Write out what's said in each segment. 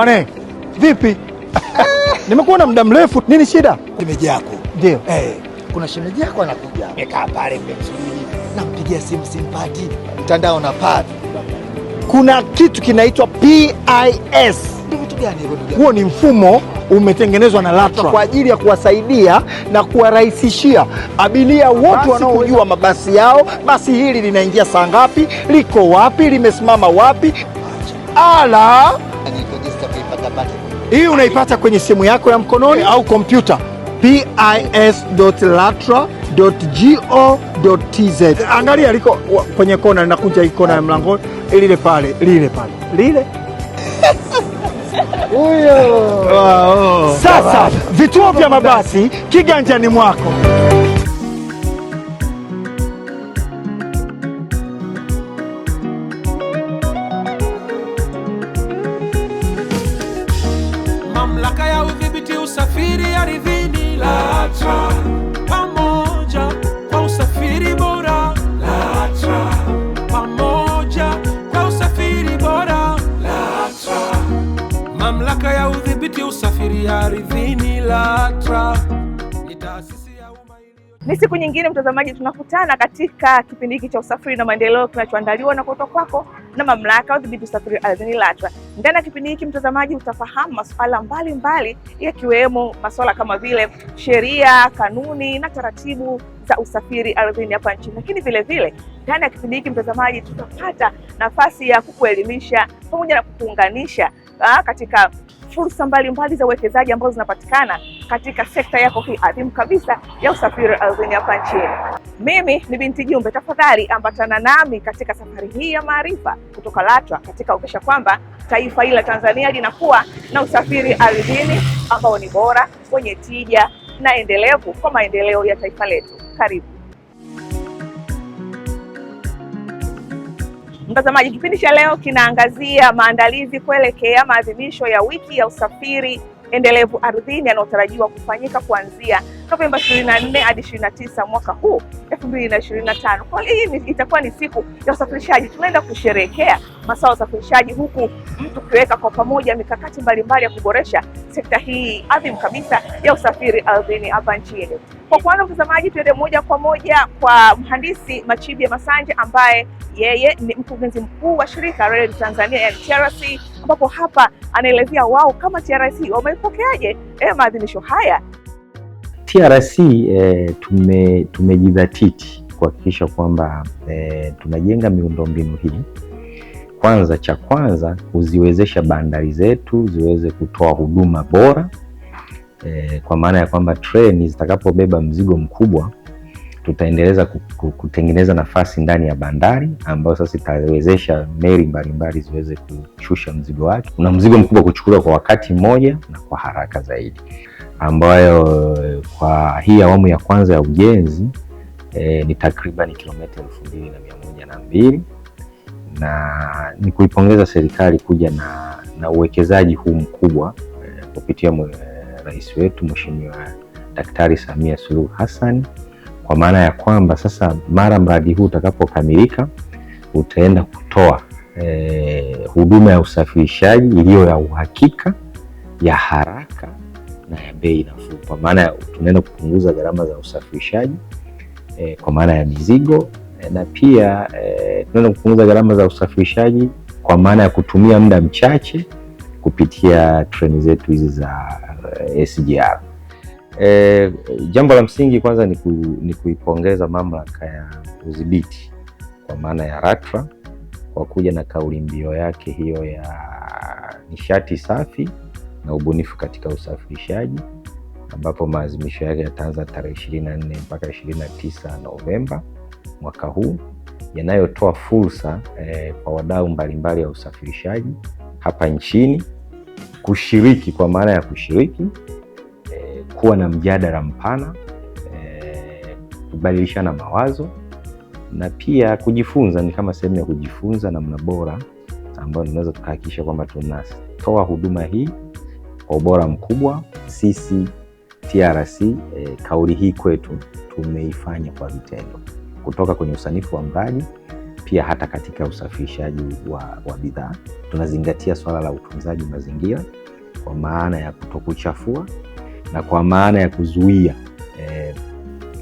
Bwana vipi? Nimekuona muda mrefu, nini shida? Shemeji yako ndio. Eh, kuna shemeji yako anakuja, amekaa pale vizuri, nampigia simu simpati, mtandao na pad. Kuna kitu kinaitwa PIS. gani Huo ni mfumo umetengenezwa na LATRA kwa ajili ya kuwasaidia na kuwarahisishia abiria wote wanaojua mabasi yao, basi hili linaingia saa ngapi, liko wapi, limesimama wapi, ala hii unaipata kwenye simu yako ya mkononi au kompyuta pis.latra.go.tz. Angalia liko kwenye kona, linakuja hii kona ya mlango lile pale, lile pale, lile huyo. Sasa vituo vya mabasi kiganjani mwako. mtazamaji, tunakutana katika kipindi hiki cha usafiri na maendeleo kinachoandaliwa na kutoka kwako na mamlaka ya udhibiti usafiri ardhini LATRA. Ndani ya kipindi hiki mtazamaji, utafahamu masuala mbalimbali yakiwemo masuala kama vile sheria, kanuni na taratibu za usafiri ardhini hapa nchini, lakini vile vile ndani ya kipindi hiki mtazamaji, tutapata nafasi ya kukuelimisha pamoja na kukuunganisha ah, katika fursa mbalimbali za uwekezaji ambazo zinapatikana katika sekta yako hii adhimu kabisa ya usafiri ardhini hapa nchini. Mimi ni Binti Jumbe, tafadhali ambatana nami katika safari hii ya maarifa kutoka LATRA katika kuhakikisha kwamba taifa hili la Tanzania linakuwa na usafiri ardhini ambao ni bora, wenye tija na endelevu kwa maendeleo ya taifa letu. Karibu. Mtazamaji, kipindi cha leo kinaangazia maandalizi kuelekea maadhimisho ya wiki ya usafiri endelevu ardhini yanayotarajiwa kufanyika kuanzia Novemba 24 hadi 29 mwaka huu 2025. Kwa hii itakuwa ni siku ya usafirishaji, tunaenda kusherehekea masaa ya usafirishaji, huku mtu ukiweka kwa pamoja mikakati mbalimbali ya kuboresha sekta hii adhimu kabisa ya usafiri ardhini hapa nchini. Kwa kwanza mtazamaji, tuende moja kwa moja kwa mhandisi Machibya Masanje ambaye yeye ni mkurugenzi mkuu wa shirika Reli Tanzania yani TRC, ambapo hapa anaelezea wao kama TRC wamepokeaje eh, maadhimisho haya. TRC eh, tume tumejidhatiti kuhakikisha kwamba eh, tunajenga miundombinu hii kwanza, cha kwanza kuziwezesha bandari zetu ziweze kutoa huduma bora e, kwa maana ya kwamba treni zitakapobeba mzigo mkubwa tutaendeleza kutengeneza nafasi ndani ya bandari ambayo sasa itawezesha meli mbalimbali ziweze kushusha mzigo wake, una mzigo mkubwa kuchukuliwa kwa wakati mmoja na kwa haraka zaidi, ambayo eh, kwa hii awamu ya kwanza ya ujenzi e, ni takriban kilomita elfu mbili na mia moja na mbili na ni kuipongeza serikali kuja na, na uwekezaji huu mkubwa e, kupitia mwe, rais wetu Mheshimiwa Daktari Samia Suluhu Hassan, kwa maana ya kwamba sasa mara mradi huu utakapokamilika utaenda kutoa eh, huduma ya usafirishaji iliyo ya uhakika, ya haraka na ya bei nafuu, kwa maana tunaenda kupunguza gharama za usafirishaji eh, kwa maana ya mizigo eh, na pia eh, tunaenda kupunguza gharama za usafirishaji kwa maana ya kutumia muda mchache kupitia treni zetu hizi za Eh, SGR. E, eh, jambo la msingi kwanza ni, ku, ni kuipongeza mamlaka ya udhibiti kwa maana ya RATRA kwa kuja na kauli mbio yake hiyo ya nishati safi na ubunifu katika usafirishaji ambapo maazimisho yake yataanza tarehe 24 mpaka 29 Novemba mwaka huu yanayotoa fursa eh, kwa wadau mbalimbali wa usafirishaji hapa nchini kushiriki kwa maana ya kushiriki eh, kuwa na mjadala mpana eh, kubadilishana mawazo na pia kujifunza. Ni kama sehemu ya kujifunza namna bora ambayo tunaweza tukahakikisha kwamba tunatoa huduma hii kwa ubora mkubwa. Sisi TRC eh, kauli hii kwetu tumeifanya kwa vitendo kutoka kwenye usanifu wa mradi pia hata katika usafirishaji wa, wa bidhaa. Tunazingatia swala la utunzaji mazingira kwa maana ya kutokuchafua na kwa maana ya kuzuia eh,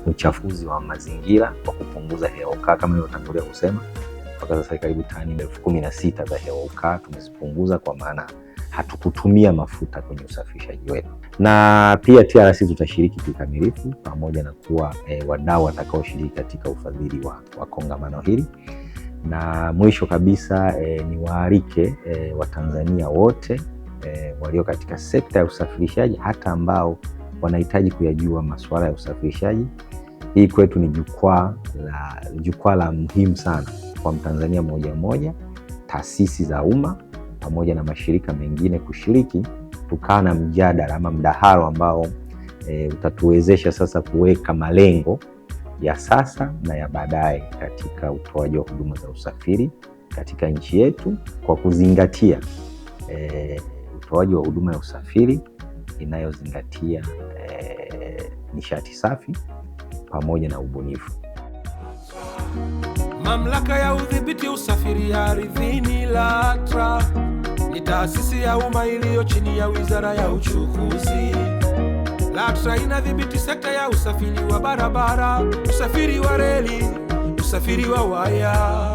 uchafuzi wa mazingira kwa kupunguza hewa ukaa kama ilivyotangulia kusema mpaka sasa karibu tani elfu kumi na sita za hewa ukaa tumezipunguza kwa maana hatukutumia mafuta kwenye usafirishaji wetu, na pia TRC tutashiriki kikamilifu pamoja na kuwa e, wadau watakaoshiriki katika ufadhili wa, wa kongamano hili na mwisho kabisa ni e, niwaalike e, Watanzania wote eh, walio katika sekta ya usafirishaji hata ambao wanahitaji kuyajua masuala ya usafirishaji. Hii kwetu ni jukwaa la jukwaa la muhimu sana kwa Mtanzania mmoja mmoja, taasisi za umma pamoja na mashirika mengine kushiriki, tukaa na mjadala ama mdahalo ambao e, utatuwezesha sasa kuweka malengo ya sasa na ya baadaye katika utoaji wa huduma za usafiri katika nchi yetu kwa kuzingatia e, utoaji wa huduma ya usafiri inayozingatia e, nishati safi pamoja na ubunifu. Mamlaka ya udhibiti usafiri ya ardhini LATRA ni taasisi ya umma iliyo chini ya Wizara ya Uchukuzi. LATRA inadhibiti sekta ya usafiri wa barabara, usafiri wa reli, usafiri wa waya.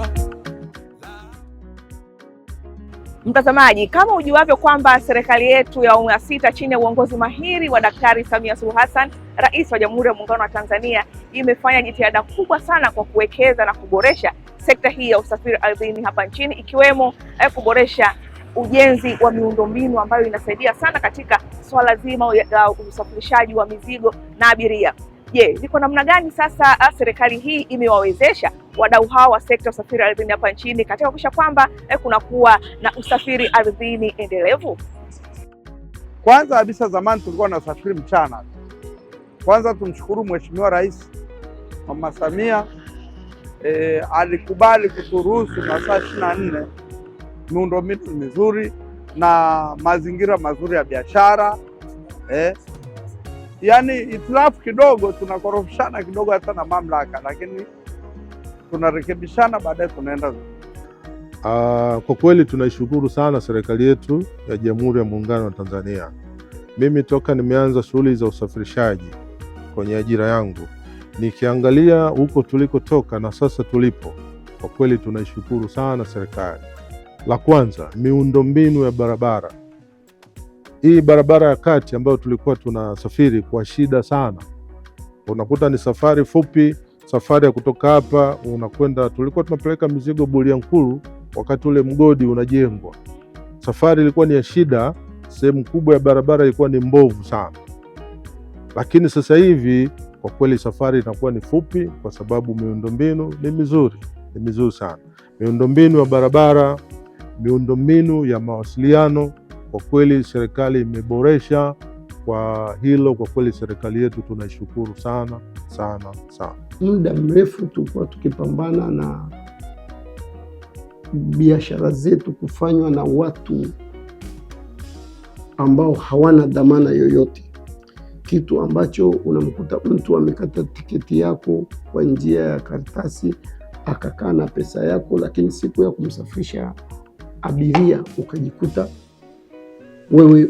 Mtazamaji, kama ujuavyo kwamba serikali yetu ya awamu ya sita chini ya uongozi mahiri wa Daktari Samia Suluhu Hassan, rais wa Jamhuri ya Muungano wa Tanzania, imefanya jitihada kubwa sana kwa kuwekeza na kuboresha sekta hii ya usafiri ardhini hapa nchini, ikiwemo eh, kuboresha ujenzi wa miundombinu ambayo inasaidia sana katika swala zima la usafirishaji wa mizigo na abiria. Je, ni kwa namna gani sasa ah, serikali hii imewawezesha wadau hawa wa sekta ya usafiri ardhini hapa nchini katika kuhakikisha kwamba eh, kunakuwa na usafiri ardhini endelevu? Kwanza kabisa, zamani tulikuwa na usafiri mchana. Kwanza tumshukuru Mheshimiwa Rais Mama Samia eh, alikubali kuturuhusu masaa ishirini na nne miundombinu mizuri na mazingira mazuri ya biashara eh. Yaani itilafu kidogo, tunakorofishana kidogo hata na mamlaka, lakini tunarekebishana, baadaye tunaenda. uh, kwa kweli tunaishukuru sana serikali yetu ya Jamhuri ya Muungano wa Tanzania. Mimi toka nimeanza shughuli za usafirishaji kwenye ajira yangu, nikiangalia huko tulikotoka na sasa tulipo, kwa kweli tunaishukuru sana serikali. La kwanza miundombinu ya barabara. Hii barabara ya kati ambayo tulikuwa tunasafiri kwa shida sana, unakuta ni safari fupi, safari ya kutoka hapa unakwenda. Tulikuwa tunapeleka mizigo Bulyanhulu wakati ule mgodi unajengwa, safari ilikuwa ni ya shida, sehemu kubwa ya barabara ilikuwa ni mbovu sana, lakini sasa hivi kwa kweli safari inakuwa ni fupi kwa sababu miundombinu ni mizuri, ni mizuri sana miundombinu ya barabara miundombinu ya mawasiliano kwa kweli serikali imeboresha kwa hilo. Kwa kweli serikali yetu tunaishukuru sana sana sana. Muda mrefu tulikuwa tukipambana na biashara zetu kufanywa na watu ambao hawana dhamana yoyote, kitu ambacho unamkuta mtu amekata tiketi yako kwa njia ya karatasi akakaa na pesa yako, lakini siku ya kumsafirisha abiria, ukajikuta wewe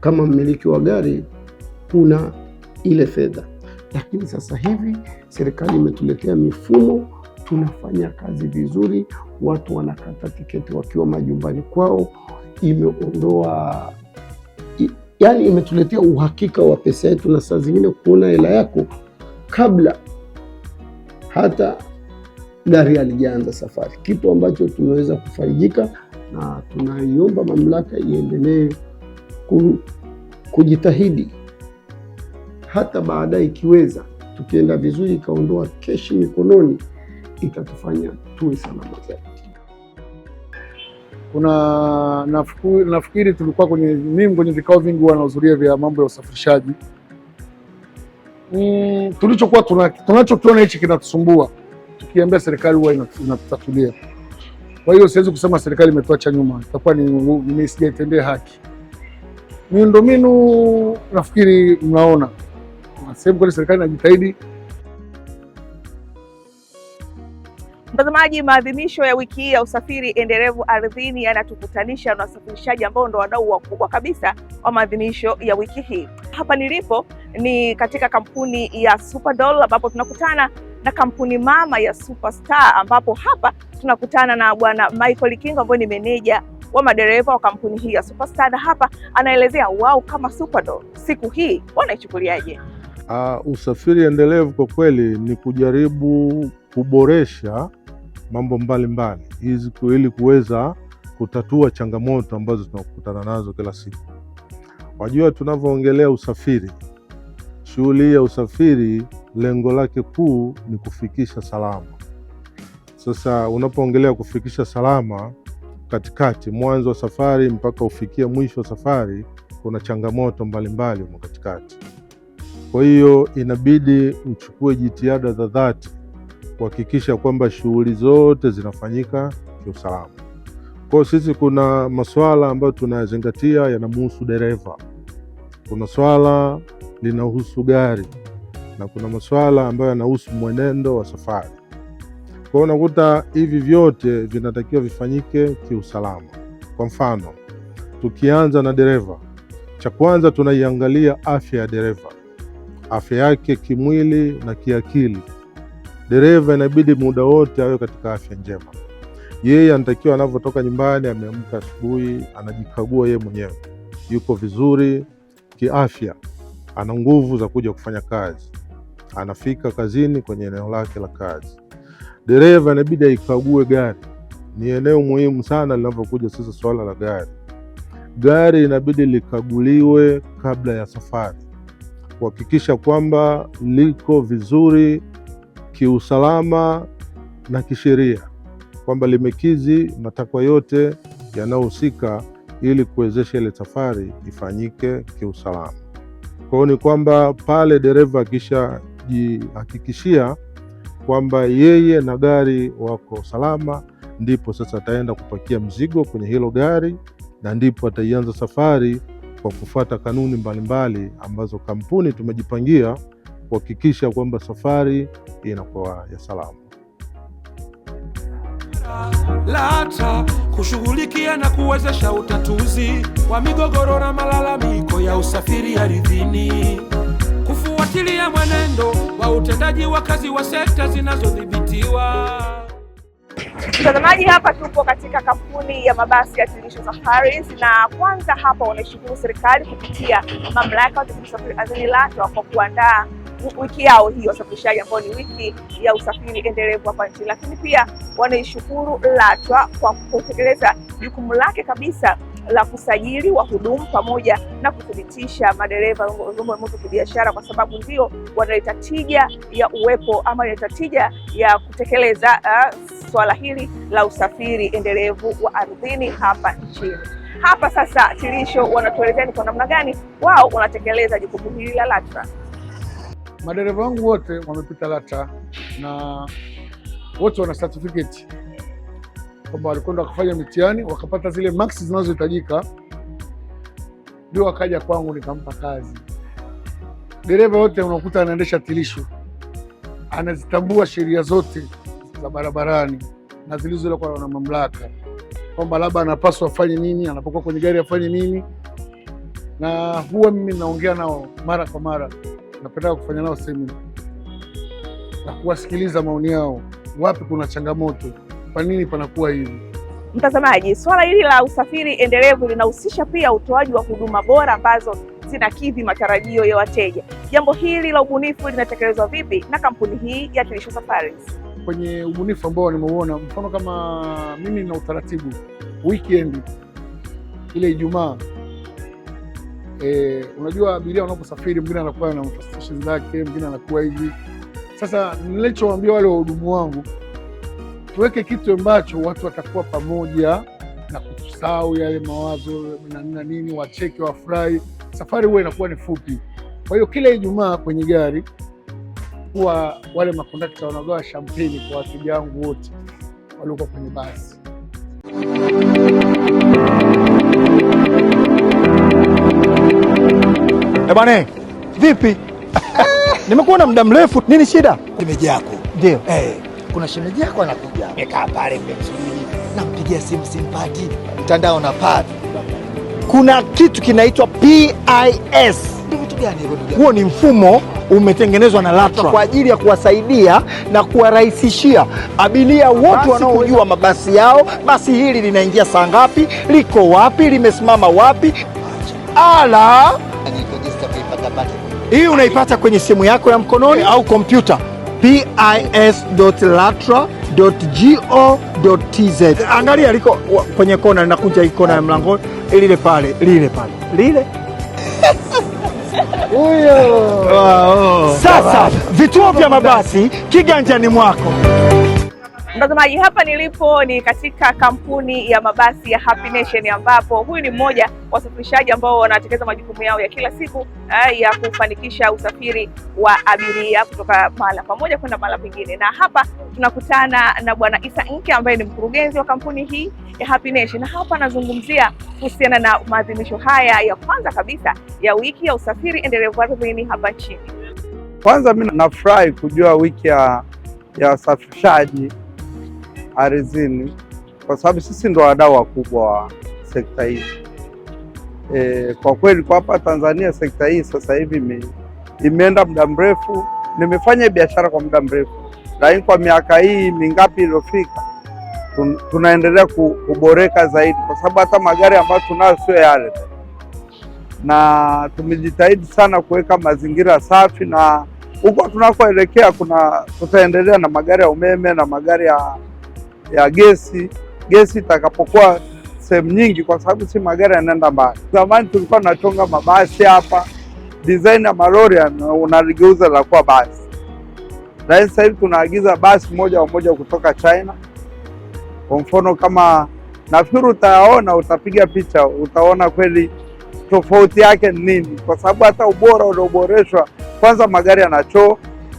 kama mmiliki wa gari kuna ile fedha. Lakini sasa hivi serikali imetuletea mifumo, tunafanya kazi vizuri, watu wanakata tiketi wakiwa majumbani kwao, imeondoa yaani, imetuletea uhakika wa pesa yetu, na saa zingine kuona hela yako kabla hata gari halijaanza safari, kitu ambacho tumeweza kufaidika na tunaiomba mamlaka iendelee kujitahidi hata baadaye, ikiweza tukienda vizuri, ikaondoa keshi mikononi, itatufanya tuwe salama zaidi. Kuna nafikiri, nafikiri tulikuwa kwenye mimi kwenye vikao vingi huwa nahudhuria vya mambo ya usafirishaji mm, tulichokuwa tunachokiona hichi kinatusumbua, tukiambia serikali huwa inatutatulia. Kwa hiyo siwezi kusema serikali imetuacha nyuma, itakuwa ni sijaitendea haki. Miundombinu nafikiri mnaona sehemu kweli serikali inajitahidi. Mtazamaji, maadhimisho ya wiki hii ya usafiri endelevu ardhini yanatukutanisha na wasafirishaji ambao ndo wadau wakubwa kabisa wa maadhimisho ya wiki hii. Hapa nilipo ni katika kampuni ya Superdoll ambapo tunakutana na kampuni mama ya Superstar, ambapo hapa tunakutana na bwana Michael King ambaye ni meneja wa madereva wa kampuni hii ya Superstar, na hapa anaelezea wao kama Superdol siku hii wanaichukuliaje. Uh, usafiri endelevu kwa kweli ni kujaribu kuboresha mambo mbalimbali hizi ili kuweza kutatua changamoto ambazo tunakutana nazo kila siku. Wajua, tunavyoongelea usafiri, shughuli ya usafiri lengo lake kuu ni kufikisha salama. Sasa unapoongelea kufikisha salama, katikati, mwanzo wa safari mpaka ufikie mwisho wa safari, kuna changamoto mbalimbali huko katikati. Kwa hiyo inabidi uchukue jitihada za dhati kuhakikisha kwamba shughuli zote zinafanyika kiusalama. Kwa sisi, kuna masuala ambayo tunayazingatia yanamhusu dereva, kuna swala linahusu gari na kuna masuala ambayo yanahusu mwenendo wa safari. Kwa hiyo unakuta hivi vyote vinatakiwa vifanyike kiusalama. Kwa mfano, tukianza na dereva, cha kwanza tunaiangalia afya ya dereva, afya yake kimwili na kiakili. Dereva inabidi muda wote awe katika afya njema. Yeye anatakiwa anavyotoka nyumbani, ameamka asubuhi, anajikagua yeye mwenyewe, yuko vizuri kiafya, ana nguvu za kuja kufanya kazi anafika kazini kwenye eneo lake la kazi. Dereva inabidi aikague gari, ni eneo muhimu sana linavyokuja sasa swala la gari. Gari inabidi likaguliwe kabla ya safari kuhakikisha kwamba liko vizuri kiusalama na kisheria, kwamba limekizi matakwa yote yanayohusika ili kuwezesha ile safari ifanyike kiusalama. Kwa hiyo ni kwamba pale dereva akisha kujihakikishia kwamba yeye na gari wako salama, ndipo sasa ataenda kupakia mzigo kwenye hilo gari na ndipo ataianza safari kwa kufuata kanuni mbalimbali mbali ambazo kampuni tumejipangia kuhakikisha kwamba safari inakuwa ya salama. LATRA kushughulikia na kuwezesha utatuzi wa migogoro na malalamiko ya usafiri ardhini ya mwenendo wa utendaji wa kazi wa sekta zinazodhibitiwa. Mtazamaji, hapa tupo katika kampuni ya mabasi ya Tilisho Safaris, na kwanza hapa wanaishukuru serikali kupitia mamlaka ya usafiri ardhini LATRA kwa kuandaa wiki yao hii wasafirishaji, ambayo ni wiki ya usafiri endelevu hapa nchini, lakini pia wanaishukuru LATRA kwa kutekeleza jukumu lake kabisa la kusajili wahudumu pamoja na kuthibitisha madereva vyombo vya moto kibiashara, kwa sababu ndio wanaleta tija ya uwepo ama wanaleta tija ya kutekeleza uh, swala hili la usafiri endelevu wa ardhini hapa nchini. Hapa sasa Tilisho wanatuelezea ni kwa namna gani wao wanatekeleza jukumu hili la LATRA. Madereva wangu wote wamepita LATRA na wote wana certificate kwamba walikwenda wakafanya mitihani wakapata zile maksi zinazohitajika, ndio wakaja kwangu nikampa kazi. Dereva yote unakuta anaendesha tilishu, anazitambua sheria zote za barabarani na zilizowekwa na mamlaka, kwamba labda anapaswa afanye nini, anapokuwa kwenye gari afanye nini, na huwa mimi naongea nao mara kwa mara, napenda kufanya nao semina na kuwasikiliza maoni yao, wapi kuna changamoto kwa nini panakuwa hivi? Mtazamaji, swala hili la usafiri endelevu linahusisha pia utoaji wa huduma bora ambazo zinakidhi matarajio ya wateja. Jambo hili la ubunifu linatekelezwa vipi na kampuni hii ya Tulisho Safaris? Kwenye ubunifu ambao nimeuona, mfano kama mimi nina utaratibu weekend ile Ijumaa e, unajua abiria wanaposafiri mwingine anakuwa na frustration zake, mwingine anakuwa hivi. Sasa nilichowaambia wale wahudumu wangu tuweke kitu ambacho watu watakuwa pamoja na kutusahau yale mawazo na nini, wacheke wafurahi, safari huwa inakuwa ni fupi. Kwa hiyo kila Ijumaa kwenye gari huwa wale makondakta wanagawa shampeni kwa wateja wangu wote waliokuwa kwenye basi. Ebane, eh, vipi? Nimekuona muda mrefu, nini shida? Nimejako ndio. Hey. Eh kuna shemeji yako anakuja, amekaa pale mmemsubiri, nampigia simu simpati, mtandao na pad. Kuna kitu kinaitwa PIS. Huo ni mfumo umetengenezwa na LATRA kwa ajili ya kuwasaidia na kuwarahisishia abiria wote wanaojua mabasi yao, basi hili linaingia saa ngapi, liko wapi, limesimama wapi. Ala, hii unaipata kwenye simu yako ya mkononi au kompyuta pis.latra.go.tz. Angalia liko kwenye kona, kunja ikona ya mlango lile pale, lile pale, lile huyo. Sasa vituo vya mabasi kiganjani mwako. Mtazamaji, hapa nilipo ni katika kampuni ya mabasi ya Happy Nation, ambapo huyu ni mmoja wasafirishaji ambao wanatekeleza majukumu yao ya kila siku eh, ya kufanikisha usafiri wa abiria kutoka mahala pamoja kwenda mahala pengine. Na hapa tunakutana na Bwana Isa Nke ambaye ni mkurugenzi wa kampuni hii ya Happy Nation, na hapa anazungumzia kuhusiana na maadhimisho haya ya kwanza kabisa ya wiki ya usafiri endelevu ardhini hapa nchini. Kwanza mimi nafurahi kujua wiki ya ya wasafirishaji ardhini, kwa sababu sisi ndo wadau wakubwa wa sekta hii e, kwa kweli kwa hapa Tanzania sekta hii sasa hivi ime, imeenda muda mrefu. Nimefanya biashara kwa muda mrefu, lakini kwa miaka hii mingapi iliyofika tun, tunaendelea kuboreka zaidi, kwa sababu hata magari ambayo tunayo sio yale, na tumejitahidi sana kuweka mazingira safi na huko tunakoelekea kuna tutaendelea na magari ya umeme na magari ya ya gesi, gesi itakapokuwa sehemu nyingi, kwa sababu si magari yanaenda mbali. Zamani tulikuwa tunachonga mabasi hapa, design ya malori unaligeuza la kuwa basi, lakini sasa hivi tunaagiza basi moja kwa moja kutoka China. Kwa mfano kama, nafikiri utaona, utapiga picha, utaona kweli tofauti yake ni nini, kwa sababu hata ubora ulioboreshwa. Kwanza magari yanachoo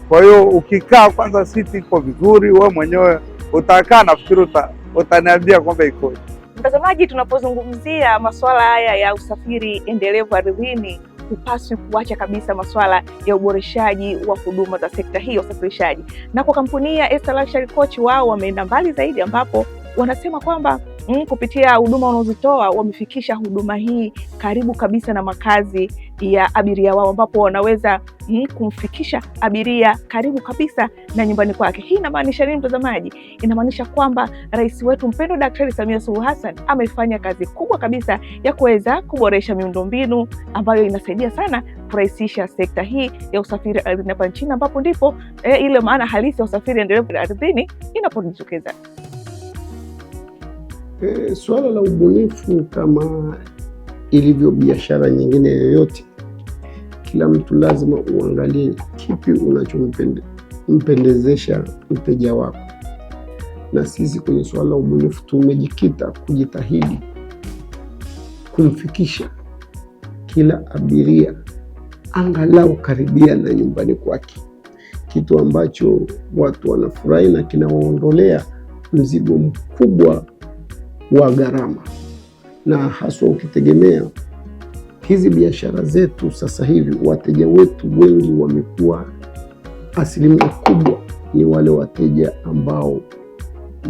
kwa hiyo ukikaa kwanza siti iko vizuri, wewe mwenyewe utakaa nafikiri utaniambia kwamba ikoje. Mtazamaji, tunapozungumzia masuala haya ya usafiri endelevu ardhini hupaswi kuacha kabisa masuala ya uboreshaji wa huduma za sekta hii ya usafirishaji, na kwa kampuni ya Luxury Coach wao wameenda mbali zaidi, ambapo wanasema kwamba mm, kupitia huduma wanazotoa wamefikisha huduma hii karibu kabisa na makazi ya abiria wao, ambapo wanaweza mm, kumfikisha abiria karibu kabisa na nyumbani kwake. Hii inamaanisha nini, mtazamaji? Inamaanisha kwamba rais wetu mpendwa Daktari Samia Suluhu Hassan amefanya kazi kubwa kabisa ya kuweza kuboresha miundombinu ambayo inasaidia sana kurahisisha sekta hii ya usafiri ardhini hapa nchini, ambapo ndipo eh, ile maana halisi ya usafiri endelevu ardhini inapojitokeza. E, eh, suala la ubunifu kama ilivyo biashara nyingine yoyote, kila mtu lazima uangalie kipi unachompendezesha mteja wako, na sisi kwenye suala la ubunifu tumejikita kujitahidi kumfikisha kila abiria angalau karibia na nyumbani kwake, kitu ambacho watu wanafurahi na kinawaondolea mzigo mkubwa wa gharama, na haswa ukitegemea hizi biashara zetu sasa hivi, wateja wetu wengi wamekuwa, asilimia kubwa ni wale wateja ambao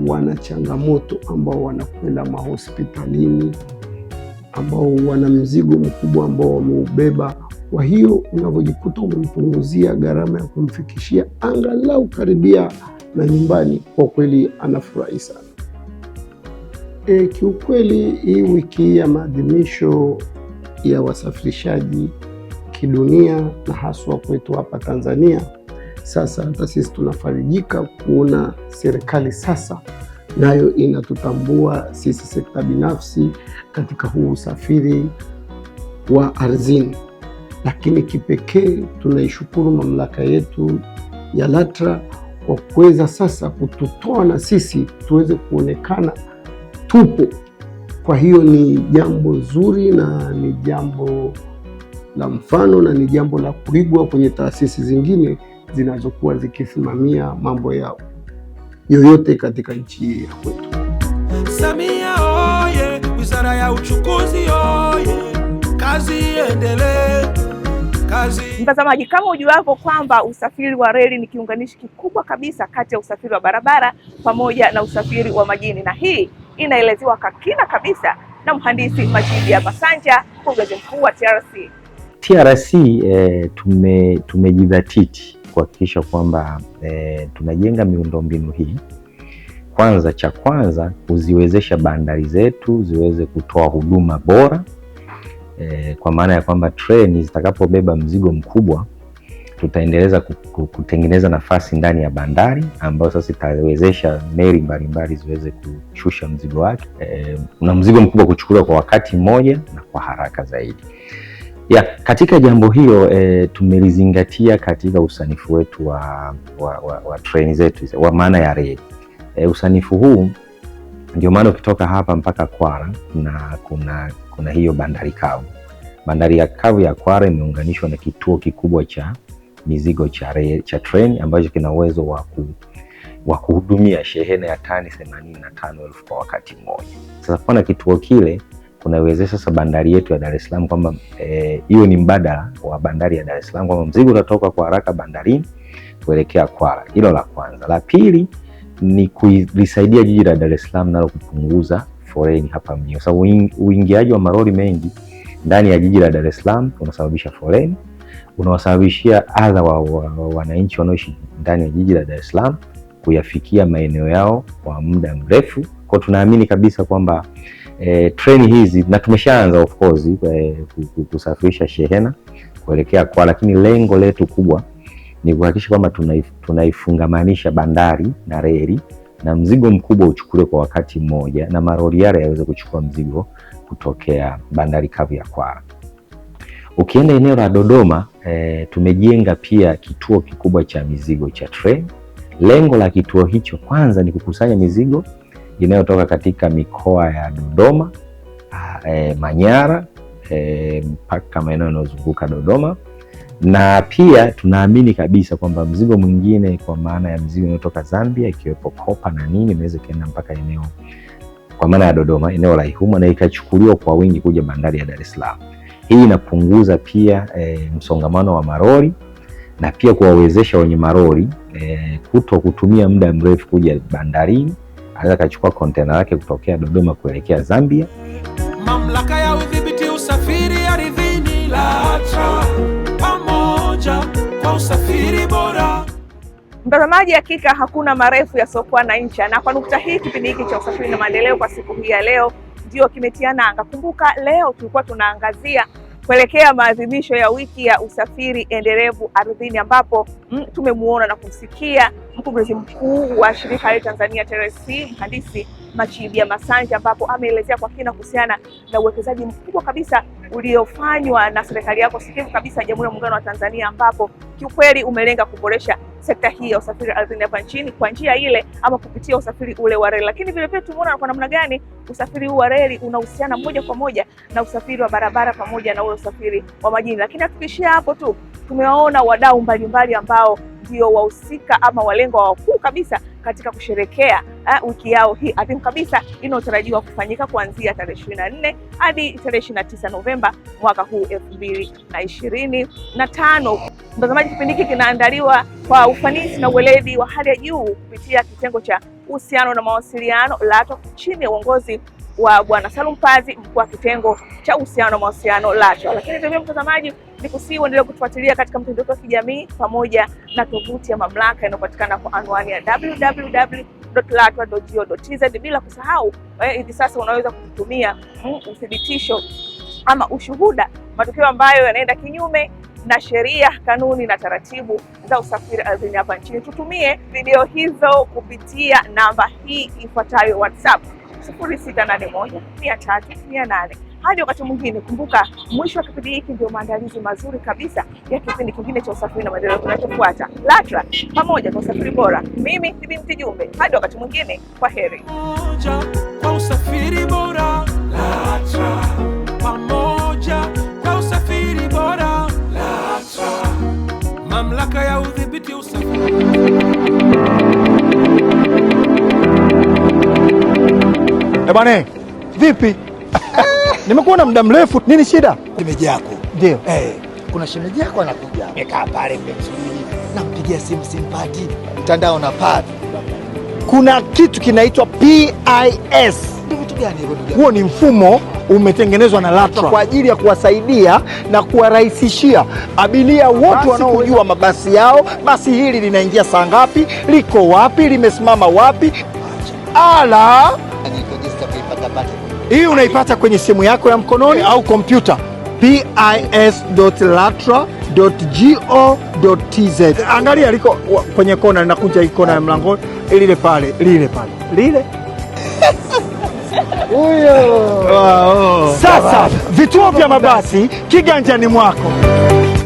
wana changamoto, ambao wanakwenda mahospitalini, ambao wana mzigo mkubwa ambao wameubeba. Kwa hiyo unavyojikuta umempunguzia gharama ya kumfikishia angalau karibia na nyumbani, kwa kweli anafurahi sana. E, kiukweli hii wiki ya maadhimisho ya wasafirishaji kidunia na haswa kwetu hapa Tanzania, sasa hata sisi tunafarijika kuona serikali sasa nayo inatutambua sisi sekta binafsi katika huu usafiri wa ardhini, lakini kipekee tunaishukuru mamlaka yetu ya LATRA kwa kuweza sasa kututoa na sisi tuweze kuonekana tupo. Kwa hiyo ni jambo zuri na ni jambo la mfano na ni jambo la kuigwa kwenye taasisi zingine zinazokuwa zikisimamia mambo yao yoyote katika nchi ya kwetu. Samia oye! Wizara ya Uchukuzi oye! Kazi iendelee, kazi. Mtazamaji, kama ujuavyo kwamba usafiri wa reli ni kiunganishi kikubwa kabisa kati ya usafiri wa barabara pamoja na usafiri wa majini na hii inaelezewa kwa kina kabisa na mhandisi Majidi ya Masanja, mkurugenzi mkuu wa TRC. TRC e, eh, tume tumejidhatiti kuhakikisha kwamba e, tunajenga miundombinu hii kwanza, cha kwanza kuziwezesha bandari zetu ziweze kutoa huduma bora e, kwa maana ya kwamba treni zitakapobeba mzigo mkubwa tutaendeleza kutengeneza nafasi ndani ya bandari ambayo sasa itawezesha meli mbalimbali ziweze kushusha mzigo wake e, mzigo mkubwa kuchukuliwa kwa wakati mmoja na kwa haraka zaidi. Ya, katika jambo hilo e, tumelizingatia katika usanifu wetu wa, wa, wa, wa treni zetu wa maana ya reli e, usanifu huu ndio maana ukitoka hapa mpaka Kwara na kuna, kuna hiyo bandari kavu. Bandari ya kavu ya Kwara imeunganishwa na kituo kikubwa cha mizigo cha, re, cha treni ambacho kina uwezo wa ku wa kuhudumia shehena ya tani 85,000 kwa wakati mmoja. Sasa kuwa na kituo kile kunawezesha sasa bandari yetu ya Dar es Salaam kwamba hiyo eh, e, ni mbadala wa bandari ya Dar es Salaam kwamba mzigo utatoka kwa haraka bandarini kuelekea Kwala. Hilo la kwanza. La pili ni kulisaidia jiji la Dar es Salaam nalo kupunguza foleni hapa mjini, kwa sababu uingiaji wa maroli mengi ndani ya jiji la Dar es Salaam unasababisha foleni unawasababishia adha wa wananchi wa, wanaoishi ndani ya jiji la Dar es Salaam kuyafikia maeneo yao kwa muda mrefu. Kwa tunaamini kabisa kwamba e, treni hizi na tumeshaanza of course eh, kusafirisha shehena kuelekea kwa, lakini lengo letu kubwa ni kuhakikisha kwamba tunaifungamanisha bandari na reli na mzigo mkubwa uchukuliwe kwa wakati mmoja na maroli yale yaweze kuchukua mzigo kutokea bandari kavu ya kwara Ukienda eneo la Dodoma e, tumejenga pia kituo kikubwa cha mizigo cha treni. Lengo la kituo hicho kwanza ni kukusanya mizigo inayotoka katika mikoa ya Dodoma, e, Manyara e, mpaka maeneo yanayozunguka Dodoma na pia tunaamini kabisa kwamba mzigo mwingine kwa maana ya mzigo inayotoka Zambia ikiwepo kopa na nini inaweza ikaenda mpaka eneo kwa maana ya Dodoma, eneo la Ihumwa na ikachukuliwa kwa wingi kuja bandari ya Dar es Salaam. Hii inapunguza pia e, msongamano wa marori na pia kuwawezesha wenye marori e, kuto kutumia muda mrefu kuja bandarini, anaweza akachukua kontena lake kutokea Dodoma kuelekea Zambia. Mamlaka ya udhibiti usafiri ardhini LATRA, pamoja kwa usafiri bora. Mtazamaji, hakika hakuna marefu yasiyokuwa na ncha, na kwa nukta hii kipindi hiki cha usafiri na maendeleo kwa siku hii ya leo ndio kimetia nanga. Kumbuka leo tulikuwa tunaangazia kuelekea maadhimisho ya wiki ya usafiri endelevu ardhini ambapo tumemuona na kumsikia mkurugenzi mkuu wa shirika la Tanzania TRC mhandisi Machibia masanja ambapo ameelezea kwa kina kuhusiana na uwekezaji mkubwa kabisa uliofanywa na serikali yako sikivu kabisa ya Jamhuri ya Muungano wa Tanzania, ambapo kiukweli umelenga kuboresha sekta hii ya usafiri ardhini hapa nchini kwa njia ile ama kupitia usafiri ule wa reli, lakini vilevile tumeona kwa namna gani usafiri huu wa reli unahusiana moja kwa moja na usafiri wa barabara pamoja na ule usafiri wa majini. Lakini hatukuishia hapo tu, tumewaona wadau mbalimbali ambao ndio wahusika ama walengwa wakuu kabisa katika kusherekea uh, wiki yao hii adhimu kabisa inayotarajiwa kufanyika kuanzia tarehe 24 hadi tarehe 29 Novemba mwaka huu 2025. Mtazamaji, kipindi hiki kinaandaliwa kwa ufanisi na uweledi wa hali ya juu kupitia kitengo cha uhusiano na mawasiliano LATRA chini ya uongozi wa Bwana Salum Pazi, mkuu wa kitengo cha uhusiano na mawasiliano LATRA. Lakini vile mtazamaji, nikusihi uendelee kutufuatilia katika mtandao wa kijamii pamoja na tovuti ya mamlaka inayopatikana kwa anwani ya www.latra.go.tz. Bila kusahau eh, hivi sasa unaweza kutumia mm, uthibitisho ama ushuhuda matukio ambayo yanaenda kinyume na sheria, kanuni na taratibu za usafiri ardhini hapa nchini. Tutumie video hizo kupitia namba hii ifuatayo WhatsApp sifuri sita nane moja mia tatu mia nane hadi wakati mwingine. Kumbuka, mwisho wa kipindi hiki ndio maandalizi mazuri kabisa ya kipindi kingine cha usafiri na maendeleo kinachofuata. LATRA, pamoja kwa usafiri bora. Mimi ni Binti Jumbe, hadi wakati mwingine, kwa heri. mamlaka ya udhibiti usafiri Ebane, eh, vipi? Nimekuona muda mrefu, nini shida? Shemeji yako. Ndio. Eh, kuna shemeji yako anakuja. Amekaa pale mmemsubiri. Nampigia simu simpati. Mtandao na pad. Kuna kitu kinaitwa PIS. Kitu gani hiyo? Huo ni mfumo umetengenezwa na LATRA kwa ajili ya kuwasaidia na kuwarahisishia abiria wote wanaojua mabasi yao, basi hili linaingia saa ngapi, liko wapi, limesimama wapi, ala hii unaipata kwenye simu yako ya mkononi au kompyuta pis.latra.go.tz. Angalia liko kwenye kona, linakuja ikona ya mlango lile pale, lile pale, lile huyo. Sasa vituo vya mabasi kiganjani mwako.